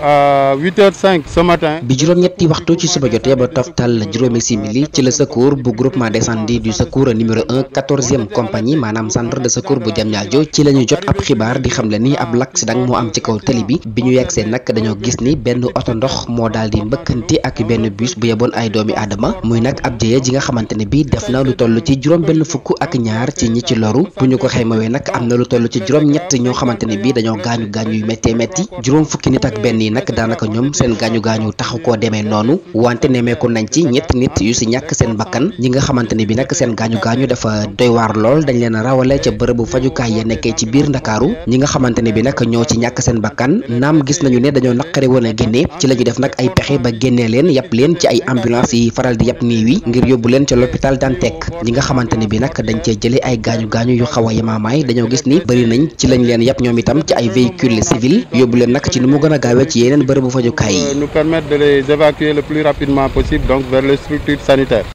à euh, 8h05 ce matin bi juróom ñetti waxtu ci suba jotee ba toftal juróomi simili ci la secours bu groupement d'incendie du secours numéro 1 14e compagnie maanaam centre de secours bu Diamniadio ci lañu jot ab xibaar di xamle ni ab l'accident moo am ci kaw tali bi bi ñu yegsee nag dañoo gis ni benn oto ndox moo daal di mbëkkanti ak benn bus bu yeboon ay doomi aadama muy nag ab jëye ji nga xamante ne bi def na lu toll ci juróom benn fukk ak ñaar ci ñi ci loru bu ñu ko xaymawee nag am na lu toll ci juróom ñett ñoo xamante ne bi dañoo gaañu gaañu yu méttee métti juróom fukki nit ak benn yi nag daanaka ñoom seen gaañu gaañu taxu koo demee noonu wante nemmeeku nañ ci ñett nit yu si ñàkk seen bakkan ñi nga xamante ne bi nag seen gaañu gaañu dafa doy waar lool dañ leen rawale ca bu fajukaay ya nekkee ci biir ndakaaru ñi nga xamante ne bi nag ñoo ci ñàkk seen bakkan naam gis nañu ne dañoo naqare woon a génne ci la ñu def nag ay pexe ba génnee leen yàpp leen ci ay ambulance yi faral di yàpp nii wi ngir yóbbu leen ca l'hôpital Dantec ñi nga xamante ne bi nag dañ cee jëlee ay gaañu gaañu yu xaw a yemaamaay dañoo gis ni bëri nañ ci lañ leen yàpp ñoom itam ci ay véhicule civil yóbbu yeneen bërëbu fajukaay yi. Euh, nous permettre de les évacuer le plus rapidement possible donc vers les structures sanitaires.